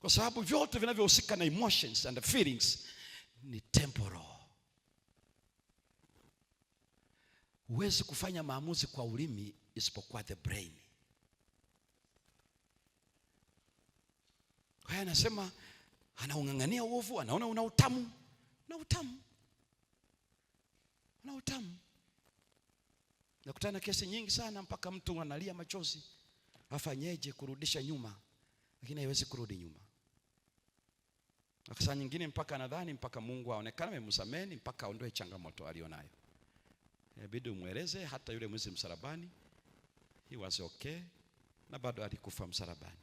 kwa sababu vyote vinavyohusika na emotions and feelings ni temporal. Huwezi kufanya maamuzi kwa ulimi isipokuwa the brain. Kwa hiyo anasema anaung'ang'ania uovu, anaona una utamu na utamu na utamu. Nakutana na kesi nyingi sana mpaka mtu analia machozi, afanyeje kurudisha nyuma, lakini haiwezi kurudi nyuma. Na saa nyingine mpaka anadhani mpaka Mungu aonekane amemsameni mpaka aondoe changamoto alionayo. Inabidi umweleze hata yule mwizi msalabani, he was okay na bado alikufa msalabani.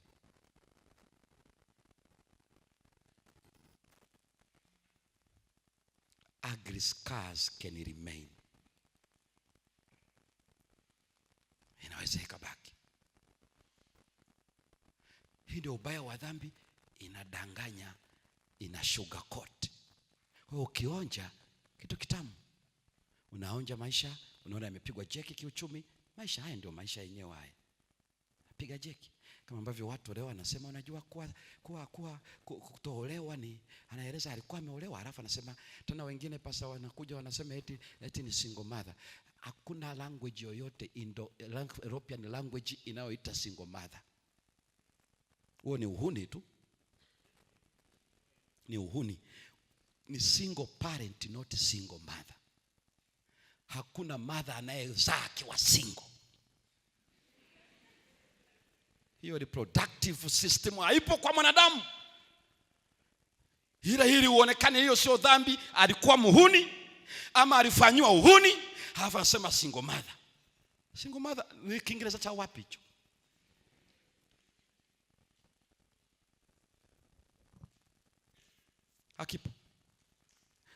Ugly scars can remain. Inaweza ikabaki. Hii ndio ubaya wa dhambi, inadanganya ina sugar coat. Kwa hiyo ukionja kitu kitamu unaonja maisha, unaona yamepigwa jeki kiuchumi. Maisha haya ndio maisha yenyewe haya, piga jeki kama ambavyo watu leo wanasema, unajua kuwa kuwa kuwa kutoolewa ni, anaeleza alikuwa ameolewa, alafu anasema tena, wengine pasa wanakuja wanasema eti eti ni single mother. Hakuna language yoyote Indo European language inayoita single mother. Huo ni uhuni tu ni uhuni, ni single parent, not single mother. Hakuna mother anayezaa akiwa single. Hiyo reproductive system haipo kwa mwanadamu. Ila hili uonekane hiyo sio dhambi, alikuwa muhuni ama alifanyiwa uhuni, halafu anasema single mother. Single mother ni Kiingereza cha wapi hicho? Hakipo.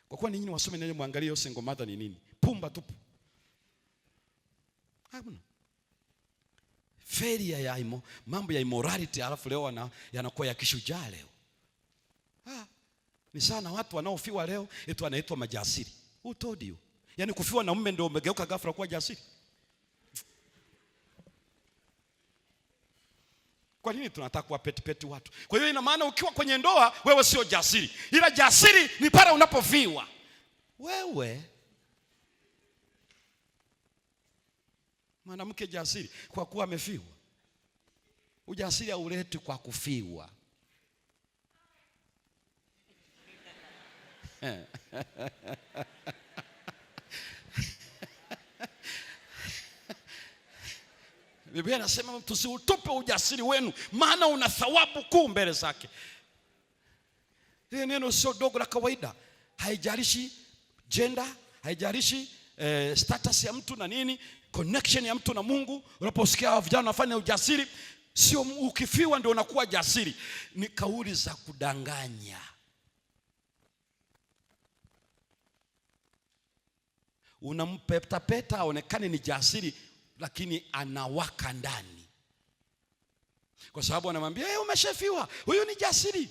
Kwa kuwa ninyi wasome nene mwangalie hiyo single mother ni nini? Pumba tupu. Hamna. Failure ya imo, mambo ya immorality alafu leo wana, yanakuwa ya kishujaa leo. Ah. Ni sana watu wanaofiwa leo eti wanaitwa majasiri. Who told you? Yaani kufiwa na mume ndio umegeuka ghafla kuwa jasiri. Kwa nini tunataka kuwapetipeti watu? Kwa hiyo ina maana ukiwa kwenye ndoa wewe sio jasiri, ila jasiri ni pale unapoviwa wewe. Mwanamke jasiri kwa kuwa amefiwa. Ujasiri auleti kwa kufiwa Biblia inasema tusiutupe ujasiri wenu, maana una thawabu kuu mbele zake. Hili neno sio dogo la kawaida, haijalishi gender, haijalishi eh, status ya mtu na nini, connection ya mtu na Mungu. Unaposikia vijana wanafanya ujasiri, sio ukifiwa ndio unakuwa jasiri, ni kauli za kudanganya. Unampetapeta aonekane ni jasiri lakini anawaka ndani, kwa sababu anamwambia hey, eh, umeshefiwa. Huyu ni jasiri.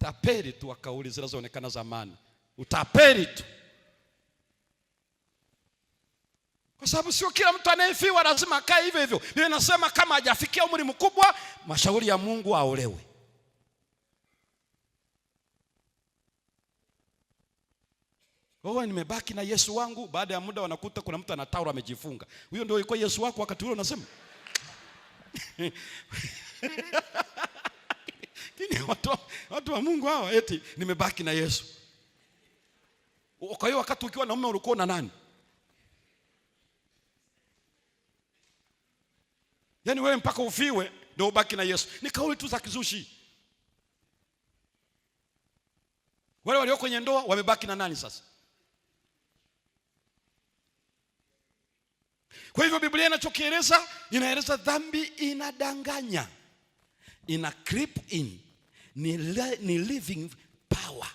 Utapeli tu wa kauli zinazoonekana zamani, utapeli tu, kwa sababu sio kila mtu anayefiwa lazima akae hivyo hivyo. Biblia nasema kama hajafikia umri mkubwa, mashauri ya Mungu aolewe. wewe nimebaki na Yesu wangu. Baada ya muda wanakuta kuna mtu anataura amejifunga. Huyo ndio ilikuwa Yesu wako wakati ule unasema? Kini watu, watu wa Mungu hawa eti nimebaki na Yesu. Kwa hiyo wakati ukiwa na mume ulikuwa na nani? Yaani wewe mpaka ufiwe ndio ubaki na Yesu. Ni kauli tu za kizushi. Wale walio kwenye ndoa wamebaki na nani sasa? Kwa hivyo Biblia inachokieleza inaeleza dhambi inadanganya, ina creep in, ni, le, ni living power.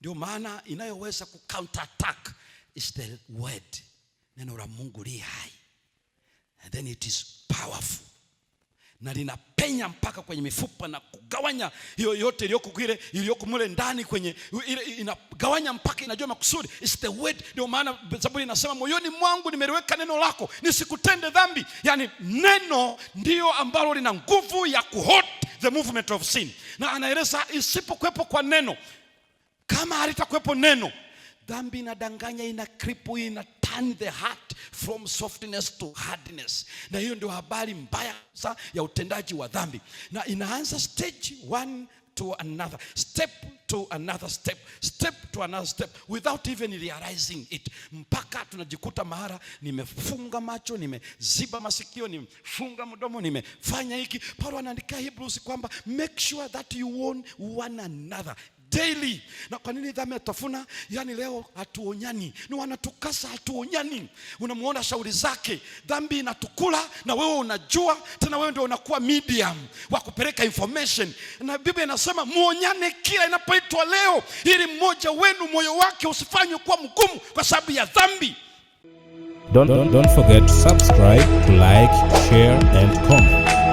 Ndio maana inayoweza ku counter attack is the word, neno la Mungu li hai, and then it is powerful na linapenya mpaka kwenye mifupa na kugawanya hiyo yote iliyoko kile iliyoko mule ndani kwenye ile, inagawanya mpaka inajua makusudi. is the word. Ndio maana Zaburi inasema moyoni mwangu nimeliweka neno lako nisikutende dhambi. Yani neno ndiyo ambalo lina nguvu ya kuhot the movement of sin, na anaeleza isipokuwepo kwa neno, kama halitakuwepo neno, dhambi inadanganya, ina kripu, ina turn the heart from softness to hardness. Na hiyo ndio habari mbaya sa ya utendaji wa dhambi, na inaanza stage one to another step to another step step to another step without even realizing it, mpaka tunajikuta mahara, nimefunga macho, nimeziba masikio, nimefunga mdomo, nimefanya hiki. Paulo anaandika Hebrews kwamba make sure that you warn one another daily. Na kwa nini dhambi atafuna? Yaani leo hatuonyani, ni wanatukasa, hatuonyani. Unamuona shauri zake, dhambi inatukula na wewe unajua, tena wewe ndio unakuwa medium wa kupeleka information. Na Biblia inasema muonyane kila inapoitwa leo, ili mmoja wenu moyo wake usifanywe kuwa mgumu kwa sababu ya dhambi. Don't, don't, don't forget to subscribe, to like, share and comment.